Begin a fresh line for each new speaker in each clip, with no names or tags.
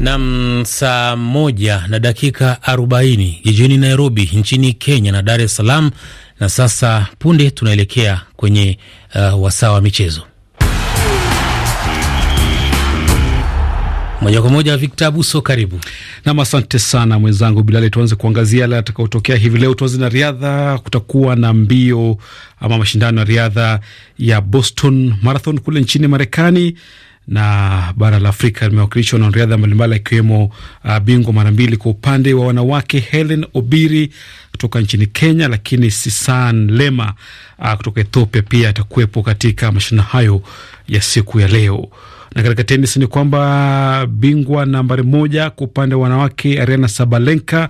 Nam, saa moja na dakika arobaini jijini Nairobi nchini Kenya na Dar es Salaam. Na sasa punde tunaelekea kwenye uh,
wasaa wa michezo moja kwa moja. Victor Abuso, karibu nam. Asante sana mwenzangu Bilali. Tuanze kuangazia yale atakaotokea hivi leo. Tuanze na riadha. Kutakuwa na mbio ama mashindano ya riadha ya Boston Marathon kule nchini Marekani na bara la Afrika limewakilishwa na riadha mbalimbali akiwemo uh, bingwa mara mbili kwa upande wa wanawake Helen Obiri kutoka nchini Kenya, lakini Sisan Lema uh, kutoka Ethiopia pia atakuwepo katika mashindano hayo ya siku ya leo. Na katika tenis ni kwamba bingwa nambari moja kwa upande wa wanawake ariana Sabalenka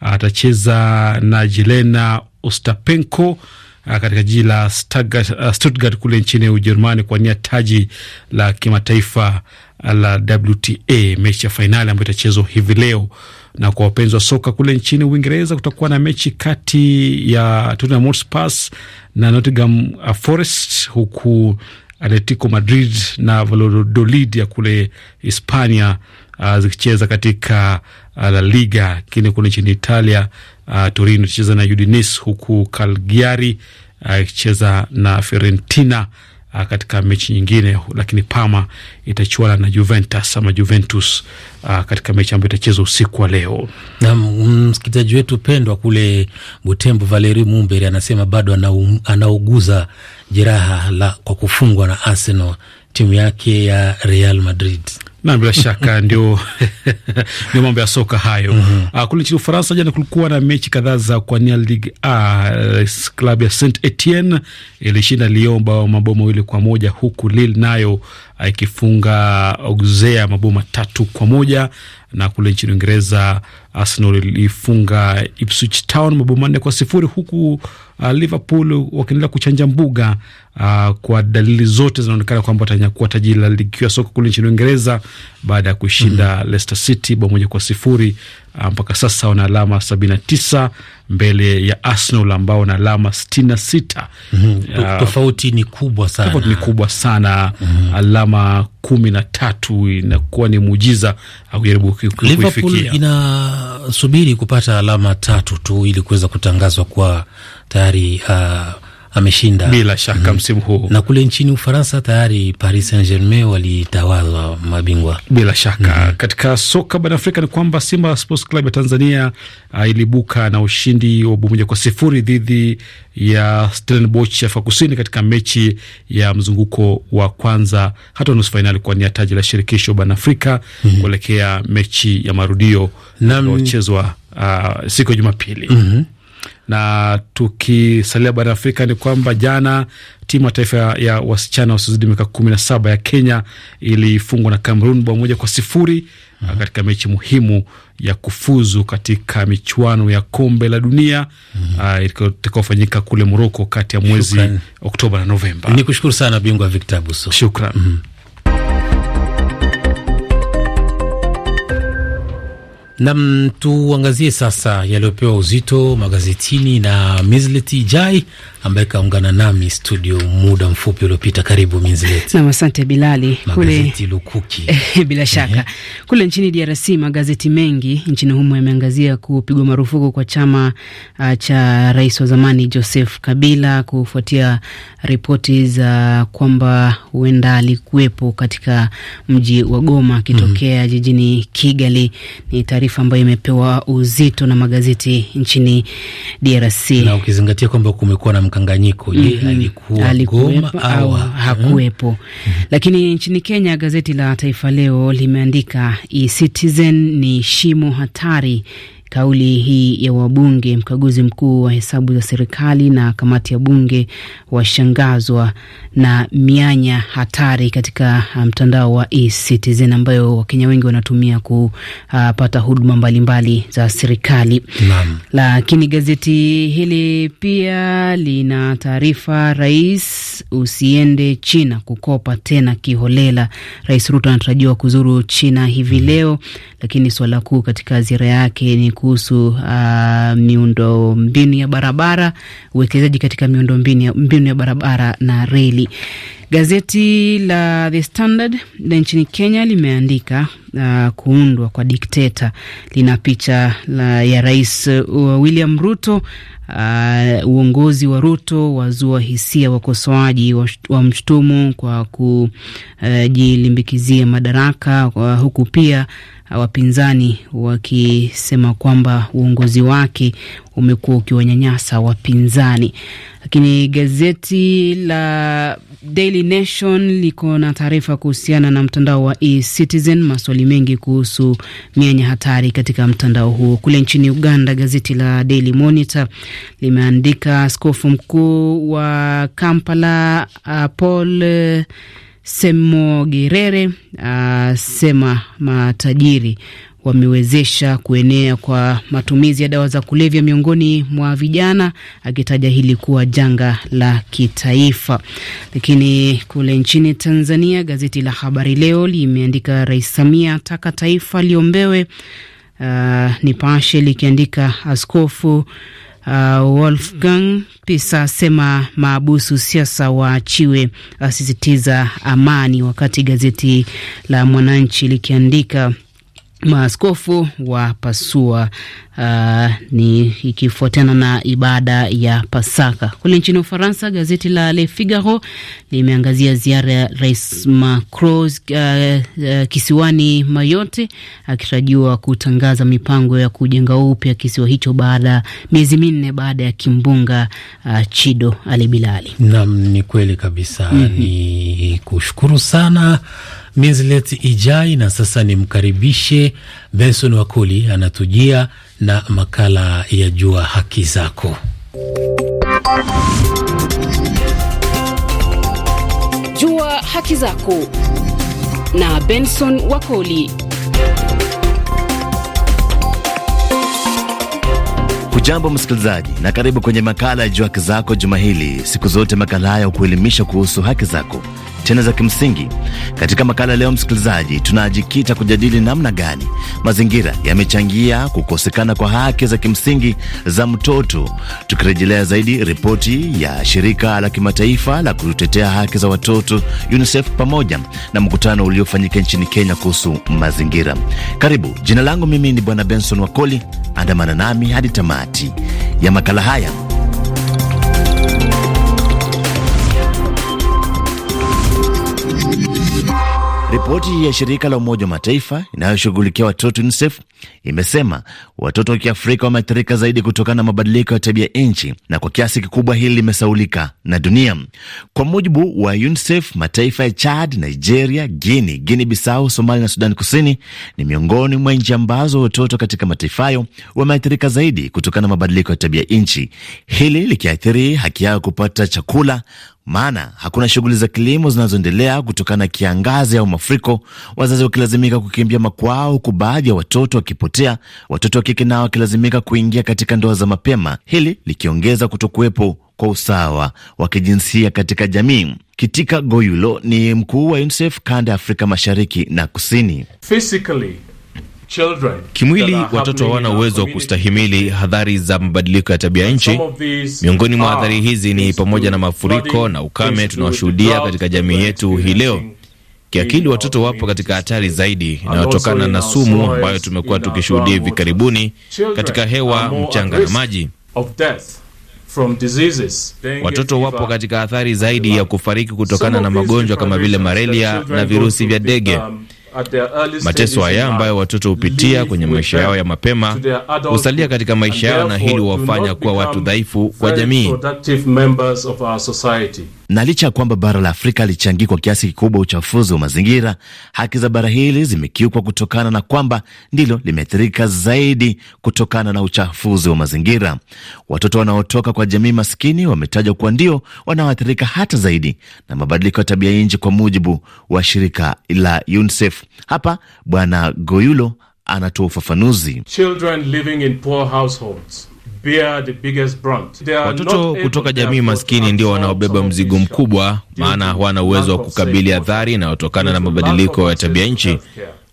atacheza uh, na Jelena Ostapenko Ah, katika jiji la ah, Stuttgart kule nchini Ujerumani kuwania taji la kimataifa ah, la WTA, mechi ya fainali ambayo itachezwa hivi leo. Na kwa wapenzi wa soka kule nchini Uingereza, kutakuwa na mechi kati ya Tottenham Hotspur na Nottingham Forest, huku Atletico Madrid na Valladolid ya kule Hispania zikicheza katika La Liga. Lakini kule nchini Italia uh, ah, Torino itacheza na Udinese, huku Cagliari akicheza ah, uh, na Fiorentina uh, katika mechi nyingine, lakini Parma itachuana na Juventus ama Juventus uh, katika mechi ambayo itachezwa usiku wa leo. Na msikilizaji wetu pendwa kule
Butembo, Valeri Mumberi anasema bado anauguza jeraha la kwa kufungwa na Arsenal, timu yake ya Real Madrid na bila shaka ndio
ndio mambo ya soka hayo. mm -hmm. Kule nchini Ufaransa jana kulikuwa na mechi kadhaa za kuania Ligue A. Klabu eh, ya Saint Etienne ilishinda Lyon bao mabao mawili kwa moja huku Lille nayo ah, ikifunga Auxerre mabao matatu kwa moja na kule nchini Uingereza Arsenal ilifunga Ipswich Town mabao manne kwa sifuri huku uh, Liverpool wakiendelea kuchanja mbuga Uh, kwa dalili zote zinaonekana kwamba watanyakuwa taji la ligi ya soka kule nchini Uingereza baada ya kushinda mm -hmm. Leicester City bao moja kwa sifuri. Uh, mpaka sasa wana alama sabini na tisa mbele ya Arsenal ambao wana alama sitini na sita.
mm -hmm. Uh,
tofauti ni kubwa sana, tofauti ni kubwa sana mm -hmm. alama kumi na tatu inakuwa ni muujiza kujaribu kuifikia. Liverpool
inasubiri
kupata alama tatu tu ili
kuweza kutangazwa kwa tayari uh, ameshinda bila shaka mhm. msimu huu, na kule nchini Ufaransa tayari Paris Saint-Germain walitawazwa mabingwa
bila shaka. mm -hmm. Katika soka barani Afrika ni kwamba Simba Sports Club ya Tanzania uh, ilibuka na ushindi wa bao moja kwa sifuri dhidi ya Stellenbosch ya Afrika Kusini katika mechi ya mzunguko wa kwanza hata nusu fainali nia taji la shirikisho barani Afrika mm -hmm. kuelekea mechi ya marudio inayochezwa uh, ah, siku ya Jumapili mm -hmm. Na tukisalia barani Afrika ni kwamba jana timu ya taifa ya wasichana wasiozidi miaka kumi na saba ya Kenya ilifungwa na Cameroon bao moja kwa sifuri mm -hmm. katika mechi muhimu ya kufuzu katika michuano ya kombe la dunia mm -hmm. Ah, uh, itakaofanyika kule Moroko kati ya mwezi Oktoba na Novemba. Ni kushukuru sana bingwa Victor Buso, shukran. mm -hmm.
Nam, tuangazie sasa yaliyopewa uzito magazetini na Mizleti Jai ambaye kaungana nami studio muda mfupi uliopita. Karibu Minzileti.
Naam, asante Bilali. Magazeti kule... lukuki eh, bila shaka yeah. Kule nchini DRC magazeti mengi nchini humo yameangazia kupigwa marufuku kwa chama uh, cha rais wa zamani Joseph Kabila kufuatia ripoti za uh, kwamba huenda alikuwepo katika mji wa Goma akitokea mm jijini Kigali. Ni taarifa ambayo imepewa uzito na magazeti nchini DRC
na ukizingatia kwamba kumekuwa na mkanganyiko. Je, mm -hmm. alikuwa Goma au hakuwepo?
mm -hmm. Lakini nchini Kenya gazeti la Taifa Leo limeandika e-Citizen ni shimo hatari Kauli hii ya wabunge, mkaguzi mkuu wa hesabu za serikali na kamati ya bunge washangazwa na mianya hatari katika uh, mtandao wa eCitizen ambayo Wakenya wengi wanatumia kupata huduma mbalimbali za serikali. Lakini gazeti hili pia lina taarifa, rais usiende China kukopa tena kiholela. Rais Ruto anatarajiwa kuzuru China hivi mm-hmm. leo, lakini suala kuu katika ziara yake ni kuhusu uh, miundo mbinu ya barabara, uwekezaji katika miundo mbinu ya, mbinu ya barabara na reli. Gazeti la The Standard la nchini Kenya limeandika uh, kuundwa kwa dikteta. Lina picha la, ya Rais uh, William Ruto. Uh, uongozi wa Ruto wazua hisia wakosoaji wa, wa mshtumu kwa kujilimbikizia uh, madaraka uh, huku pia wapinzani wakisema kwamba uongozi wake umekuwa ukiwanyanyasa wapinzani. Lakini gazeti la Daily Nation liko na taarifa kuhusiana na mtandao wa eCitizen, maswali mengi kuhusu mianya hatari katika mtandao huo. Kule nchini Uganda, gazeti la Daily Monitor limeandika askofu mkuu wa Kampala uh, Paul uh, Semo Gerere uh, sema matajiri wamewezesha kuenea kwa matumizi ya dawa za kulevya miongoni mwa vijana, akitaja hili kuwa janga la kitaifa. Lakini kule nchini Tanzania, gazeti la Habari Leo limeandika Rais Samia ataka taifa liombewe. Uh, Nipashe likiandika askofu Uh, Wolfgang Pisa asema maabusu siasa waachiwe, asisitiza amani, wakati gazeti la Mwananchi likiandika Maaskofu wa pasua uh, ni ikifuatana na ibada ya Pasaka kule nchini Ufaransa. Gazeti la Le Figaro limeangazia ziara ya Rais Macron uh, uh, kisiwani Mayotte, akitarajiwa kutangaza mipango ya kujenga upya kisiwa hicho baada miezi minne baada ya kimbunga uh, Chido. Ali Bilali,
nam ni kweli kabisa. mm -hmm. Ni kushukuru sana minslet Ijai. Na sasa nimkaribishe Benson Wakoli anatujia na makala ya Jua Haki
Zako.
Jua Haki Zako na Benson Wakoli.
Jambo msikilizaji, na karibu kwenye makala ya Jua Haki Zako juma hili. Siku zote makala haya hukuelimisha kuhusu haki zako, tena za kimsingi. Katika makala leo, msikilizaji, tunajikita kujadili namna gani mazingira yamechangia kukosekana kwa haki za kimsingi za mtoto, tukirejelea zaidi ripoti ya shirika la kimataifa la kutetea haki za watoto UNICEF pamoja na mkutano uliofanyika nchini Kenya kuhusu mazingira. Karibu, jina langu mimi ni Bwana Benson Wakoli. Andamana nami hadi tamati ya makala haya. Ripoti ya shirika la Umoja wa Mataifa inayoshughulikia watoto UNICEF imesema watoto wa Kiafrika wameathirika zaidi kutokana na mabadiliko ya tabia nchi, na kwa kiasi kikubwa hili limesaulika na dunia. Kwa mujibu wa UNICEF, mataifa ya Chad, Nigeria, Guini, Guini Bisau, Somalia na Sudani Kusini ni miongoni mwa nchi ambazo watoto katika mataifa hayo wameathirika zaidi kutokana na mabadiliko ya tabia nchi, hili likiathiri haki yao kupata chakula maana hakuna shughuli za kilimo zinazoendelea kutokana na kiangazi au mafuriko, wazazi wakilazimika kukimbia makwao, huku baadhi ya watoto wakipotea, watoto wa kike nao wakilazimika kuingia katika ndoa za mapema, hili likiongeza kutokuwepo kwa usawa wa kijinsia katika jamii. Kitika Goyulo ni mkuu wa UNICEF kanda ya Afrika Mashariki na Kusini.
Physically.
Kimwili watoto hawana uwezo wa kustahimili hadhari za mabadiliko ya tabia nchi. Miongoni mwa hadhari hizi ni pamoja na mafuriko na ukame tunaoshuhudia katika jamii yetu hii leo. Kiakili, watoto wapo katika hatari zaidi inayotokana na sumu ambayo tumekuwa tukishuhudia hivi karibuni katika hewa, mchanga na maji. Watoto wapo katika hathari zaidi ya kufariki kutokana na magonjwa kama vile malaria na virusi vya dege. um, Mateso haya ambayo watoto hupitia kwenye maisha yao ya mapema husalia katika maisha yao, na hili huwafanya kuwa watu dhaifu kwa jamii.
Na licha ya kwamba bara la Afrika lichangii kwa kiasi kikubwa uchafuzi wa mazingira, haki za bara hili zimekiukwa kutokana na kwamba ndilo limeathirika zaidi kutokana na uchafuzi wa mazingira. Watoto wanaotoka kwa jamii maskini wametajwa kuwa ndio wanaoathirika hata zaidi na mabadiliko ya tabia nchi, kwa mujibu wa shirika la UNICEF. Hapa Bwana Goyulo
anatoa ufafanuzi. Watoto kutoka jamii maskini ndio wanaobeba mzigo mkubwa, maana hawana uwezo wa kukabili athari inayotokana na mabadiliko ya tabia nchi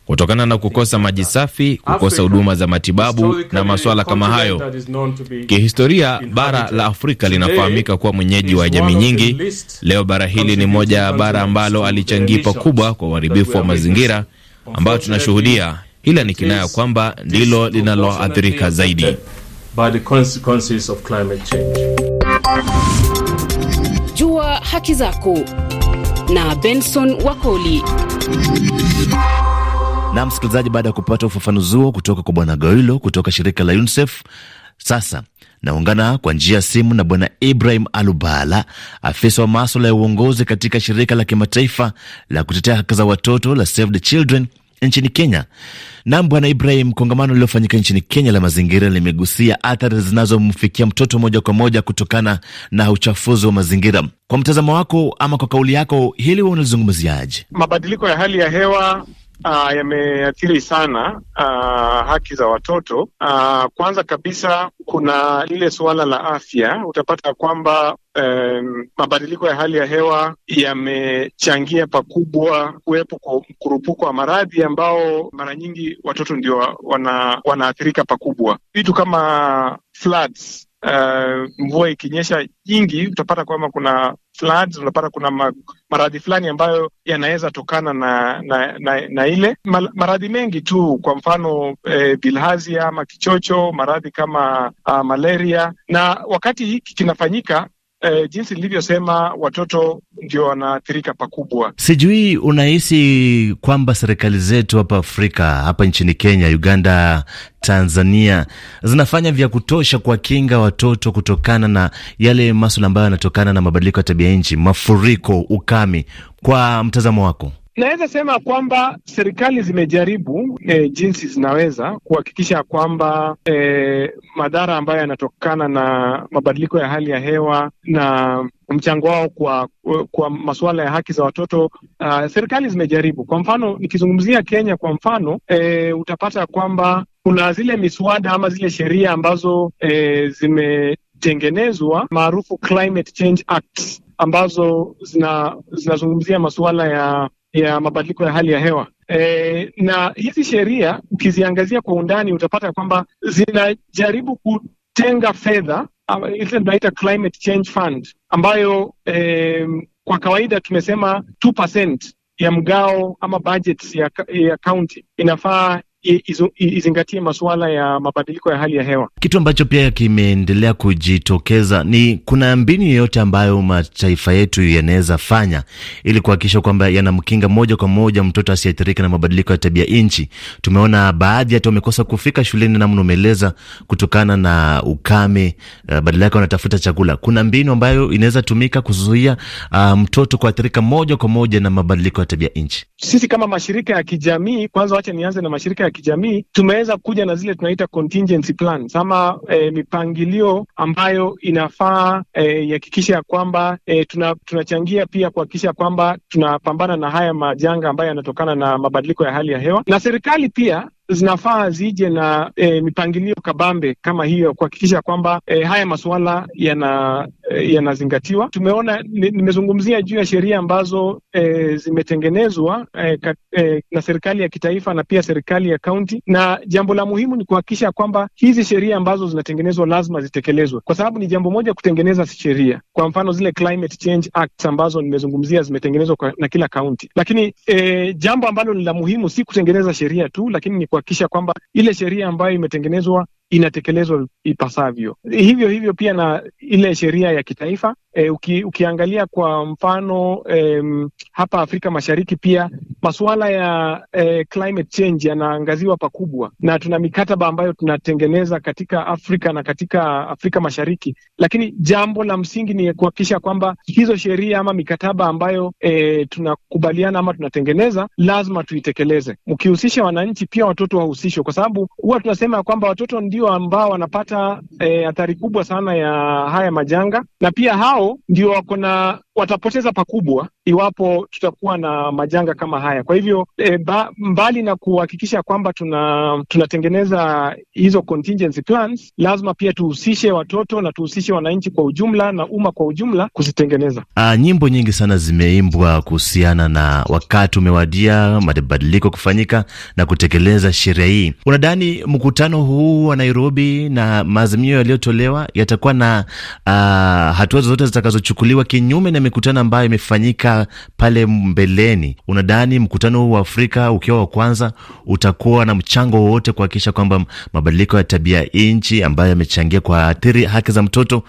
kutokana na kukosa maji safi, kukosa huduma za matibabu na masuala kama hayo. Kihistoria, bara la Afrika linafahamika kuwa mwenyeji wa jamii nyingi. Leo bara hili ni moja ya bara ambalo alichangia pakubwa kwa uharibifu wa mazingira ambayo tunashuhudia, ila ni kinaya kwamba ndilo linaloathirika zaidi by the consequences of climate change.
Jua haki zako na Benson Wakoli.
Na msikilizaji, baada ya kupata ufafanuzi huo kutoka kwa Bwana Gailo kutoka shirika la UNICEF, sasa naungana kwa njia ya simu na Bwana Ibrahim Alubala, afisa wa maswala ya uongozi katika shirika la kimataifa la kutetea haki za watoto la Save the Children nchini Kenya. Nam Bwana Ibrahim, kongamano lililofanyika nchini Kenya la mazingira limegusia athari zinazomfikia mtoto moja kwa moja kutokana na uchafuzi wa mazingira. Kwa mtazamo wako ama kwa kauli yako, hili huwa unalizungumziaje?
Mabadiliko ya hali ya hewa Uh, yameathiri sana uh, haki za watoto uh, kwanza kabisa kuna lile suala la afya. Utapata kwamba um, mabadiliko ya hali ya hewa yamechangia pakubwa kuwepo kwa mkurupuko wa maradhi ambao mara nyingi watoto ndio wana, wanaathirika pakubwa. Vitu kama floods, uh, mvua ikinyesha nyingi utapata kwamba kuna floods, unapata kuna maradhi fulani ambayo yanaweza tokana na na, na, na ile maradhi mengi tu, kwa mfano eh, bilhazia ama kichocho, maradhi kama uh, malaria. Na wakati hiki kinafanyika eh, jinsi nilivyosema, watoto ndio wanaathirika pakubwa.
Sijui unahisi kwamba serikali zetu hapa Afrika, hapa nchini Kenya, Uganda, Tanzania zinafanya vya kutosha kuwakinga watoto kutokana na yale maswala ambayo yanatokana na mabadiliko ya tabia nchi, mafuriko, ukame, kwa mtazamo wako?
Naweza sema kwamba serikali zimejaribu e, jinsi zinaweza kuhakikisha kwamba e, madhara ambayo yanatokana na mabadiliko ya hali ya hewa na mchango wao kwa kwa masuala ya haki za watoto uh, serikali zimejaribu. Kwa mfano nikizungumzia Kenya kwa mfano e, utapata kwamba kuna zile miswada ama zile sheria ambazo e, zimetengenezwa maarufu Climate Change Act ambazo zina, zinazungumzia masuala ya ya mabadiliko ya hali ya hewa. E, na hizi sheria ukiziangazia kwa undani utapata kwamba zinajaribu kutenga fedha tunaita climate change fund ambayo e, kwa kawaida tumesema 2% ya mgao ama budget ya, ya county inafaa izingatie masuala ya mabadiliko ya hali ya hewa.
Kitu ambacho pia kimeendelea kujitokeza ni kuna mbinu yoyote ambayo mataifa yetu yanaweza fanya ili kuhakikisha kwamba yanamkinga moja kwa moja mtoto asiathirika na mabadiliko ya tabia nchi. Tumeona baadhi hata wamekosa kufika shuleni namna umeeleza, kutokana na ukame, eh, badala yake wanatafuta chakula. Kuna mbinu ambayo inaweza tumika kuzuia uh, mtoto kuathirika moja kwa moja na mabadiliko ya tabia nchi?
Sisi kama mashirika ya kijamii, kwanza wacha nianze na mashirika ya kijamii, tumeweza kuja na zile tunaita contingency plans ama e, mipangilio ambayo inafaa eh, ihakikisha e, ya kwamba e, tuna, tunachangia pia kuhakikisha kwamba tunapambana na haya majanga ambayo yanatokana na mabadiliko ya hali ya hewa, na serikali pia zinafaa zije na e, mipangilio kabambe kama hiyo kuhakikisha kwamba e, haya masuala yana e, yanazingatiwa. Tumeona nimezungumzia juu ya sheria ambazo e, zimetengenezwa e, ka, e, na serikali ya kitaifa na pia serikali ya kaunti, na jambo la muhimu ni kuhakikisha kwamba hizi sheria ambazo zinatengenezwa lazima zitekelezwe, kwa sababu ni jambo moja kutengeneza sheria, kwa mfano zile Climate Change ambazo nimezungumzia zimetengenezwa na kila kaunti, lakini e, jambo ambalo ni la muhimu si kutengeneza sheria tu, lakini ni kuhakikisha kwamba ile sheria ambayo imetengenezwa inatekelezwa ipasavyo. Hivyo hivyo pia na ile sheria ya kitaifa e, uki, ukiangalia kwa mfano e, hapa Afrika Mashariki pia masuala ya e, climate change yanaangaziwa pakubwa, na tuna mikataba ambayo tunatengeneza katika Afrika na katika Afrika Mashariki, lakini jambo la msingi ni kuhakikisha kwamba hizo sheria ama mikataba ambayo e, tunakubaliana ama tunatengeneza lazima tuitekeleze, mkihusisha wananchi pia, watoto wahusishwe, kwa sababu huwa tunasema kwamba watoto ndi ndio ambao wanapata hatari eh, kubwa sana ya haya majanga, na pia hao ndio wako na watapoteza pakubwa iwapo tutakuwa na majanga kama haya. Kwa hivyo e, ba, mbali na kuhakikisha kwamba tuna tunatengeneza hizo contingency plans, lazima pia tuhusishe watoto na tuhusishe wananchi kwa ujumla na umma kwa ujumla kuzitengeneza.
Aa, ah, nyimbo nyingi sana zimeimbwa kuhusiana na wakati umewadia mabadiliko kufanyika na kutekeleza sheria hii. Unadhani mkutano huu wa Nairobi na maazimio yaliyotolewa yatakuwa na aa, ah, hatua zozote zitakazochukuliwa kinyume na mikutano ambayo imefanyika pale mbeleni, unadhani mkutano huu wa Afrika ukiwa wa kwanza utakuwa na mchango wowote kuhakikisha kwamba mabadiliko ya tabia nchi ambayo yamechangia kuathiri haki za mtoto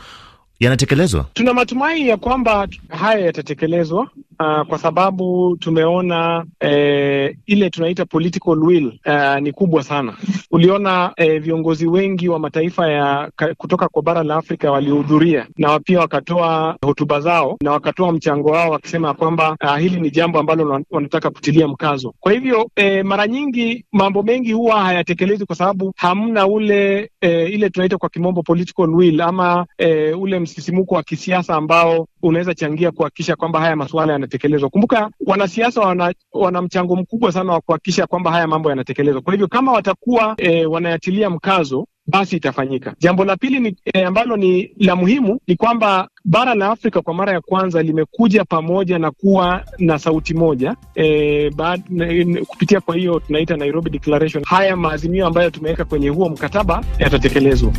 yanatekelezwa?
Tuna matumaini ya kwamba haya yatatekelezwa Uh, kwa sababu tumeona eh, ile tunaita political will uh, ni kubwa sana. Uliona eh, viongozi wengi wa mataifa ya kutoka kwa bara la Afrika walihudhuria na pia wakatoa hotuba zao na wakatoa mchango wao wakisema kwamba uh, hili ni jambo ambalo wanataka kutilia mkazo. Kwa hivyo eh, mara nyingi mambo mengi huwa hayatekelezwi kwa sababu hamna ule eh, ile tunaita kwa kimombo political will ama eh, ule msisimuko wa kisiasa ambao unaweza changia kuhakikisha kwamba haya masuala yana yanatekelezwa. Kumbuka wanasiasa wana, wana mchango mkubwa sana wa kuhakikisha kwamba haya mambo yanatekelezwa. Kwa hivyo kama watakuwa e, wanayatilia mkazo basi itafanyika. Jambo la pili ni e, ambalo ni la muhimu ni kwamba bara la Afrika kwa mara ya kwanza limekuja pamoja na kuwa na sauti moja e, baad, n, kupitia kwa hiyo tunaita Nairobi Declaration. Haya maazimio ambayo tumeweka kwenye huo mkataba yatatekelezwa.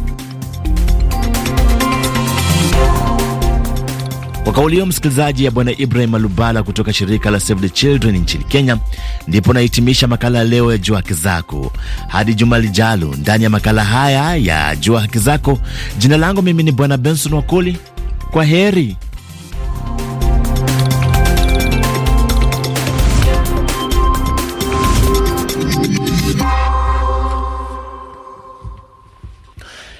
Kwa kauli hiyo msikilizaji, ya bwana Ibrahim Alubala kutoka shirika la Save the Children nchini Kenya, ndipo nahitimisha makala leo ya Jua Haki Zako. Hadi juma lijalo, ndani ya makala haya ya Jua Haki Zako, jina langu mimi ni bwana Benson Wakoli. Kwa heri.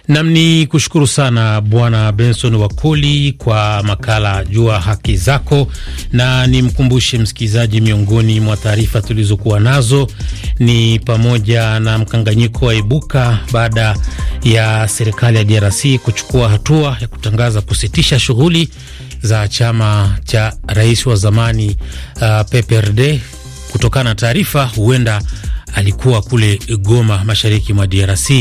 Nam ni kushukuru sana Bwana Benson Wakoli kwa makala Jua Haki Zako, na nimkumbushe msikilizaji, miongoni mwa taarifa tulizokuwa nazo ni pamoja na mkanganyiko wa ibuka baada ya serikali ya DRC kuchukua hatua ya kutangaza kusitisha shughuli za chama cha rais wa zamani uh, PPRD kutokana na taarifa huenda alikuwa kule Goma, mashariki mwa DRC.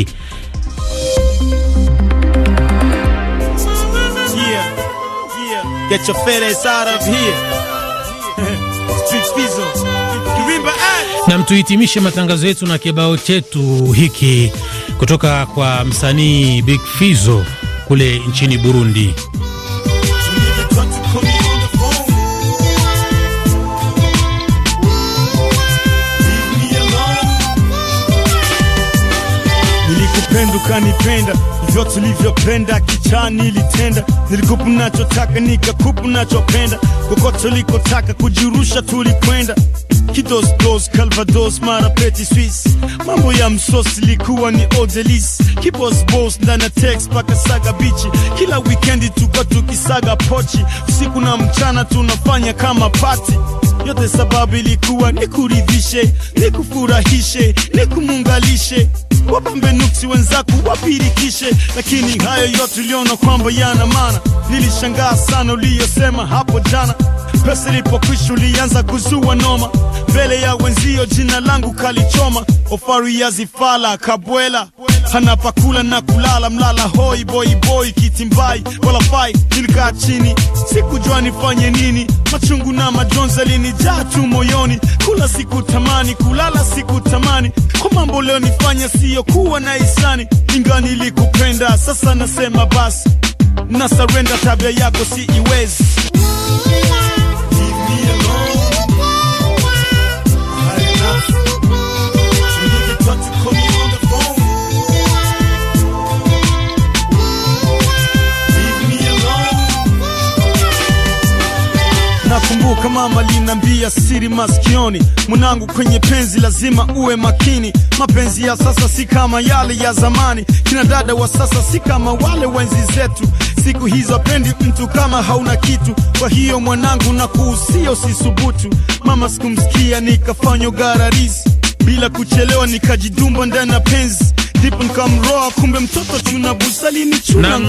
Get your fat ass out of here.
Street Fizzle.
Na mtuhitimishe matangazo yetu na kibao chetu hiki kutoka kwa msanii Big Fizo kule nchini Burundi.
kupenda ukanipenda vyote ulivyopenda kichani ilitenda nilikupa nachotaka nikakupa nachopenda kokote ulikotaka kujirusha tulikwenda kidosdos calvados peti swiss mambo ya msosi likuwa ni odelis kibosbos ndana tex mpaka saga bichi kila wikendi tuka tukisaga pochi usiku na mchana tunafanya kama pati yote sababu ilikuwa nikuridhishe nikufurahishe nikumuungalishe wapambe nuksi wenzako wapirikishe, lakini hayo yote uliona kwamba yana maana. Nilishangaa sana uliyosema hapo jana Pesa ilipokwisha ulianza kuzua noma mbele ya wenzio, jina langu kalichoma. Ofari ya zifala kabwela hana pakula na kulala, mlala hoi boiboi, kitimbai wala fai. Nilikaa chini sikujua nifanye nini, machungu na majonzi yalinijaa tu moyoni. Kula siku tamani, kulala siku tamani, kwa mambo leo nifanya kuwa na hisani. Ingani ilikupenda, sasa nasema basi na surrender, tabia yako si iwezi mama linambia siri maskioni mwanangu, kwenye penzi lazima uwe makini. Mapenzi ya sasa si kama yale ya zamani, kina dada wa sasa si kama wale wenzi zetu. Siku hizo apendi mtu kama hauna kitu. Kwa hiyo mwanangu, na kuhusia usisubutu. Mama sikumsikia nikafanywa gararisi, bila kuchelewa nikajidumba ndani ya penzi kumbe mtoto chuna busali ni chuna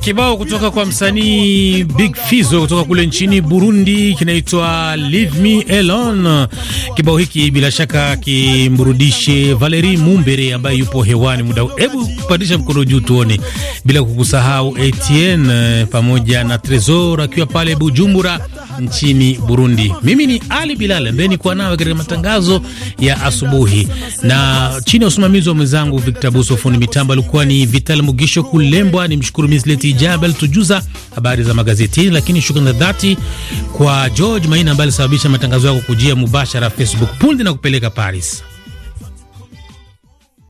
Kibao
kutoka kwa msanii Big Fizo kutoka kule nchini Burundi kinaitwa Leave Me Alone. Kibao hiki bila shaka kimrudishe Valerie Mumbere ambaye yupo hewani muda Hebu kupandisha mkono juu tuone, bila kukusahau ATN pamoja na Tresor akiwa pale Bujumbura nchini Burundi. Mimi ni Ali Bilal ambaye nikuwa nawe katika matangazo ya asubuhi, na chini ya usimamizi wa mwenzangu Victor Buso, fundi mitambo alikuwa ni Vital Mugisho Kulembwa. Ni mshukuru Misleti Jabel alitujuza habari za magazetini, lakini shukrani za dhati kwa George Maina ambaye alisababisha
matangazo yako kujia mubashara Facebook punde na kupeleka Paris.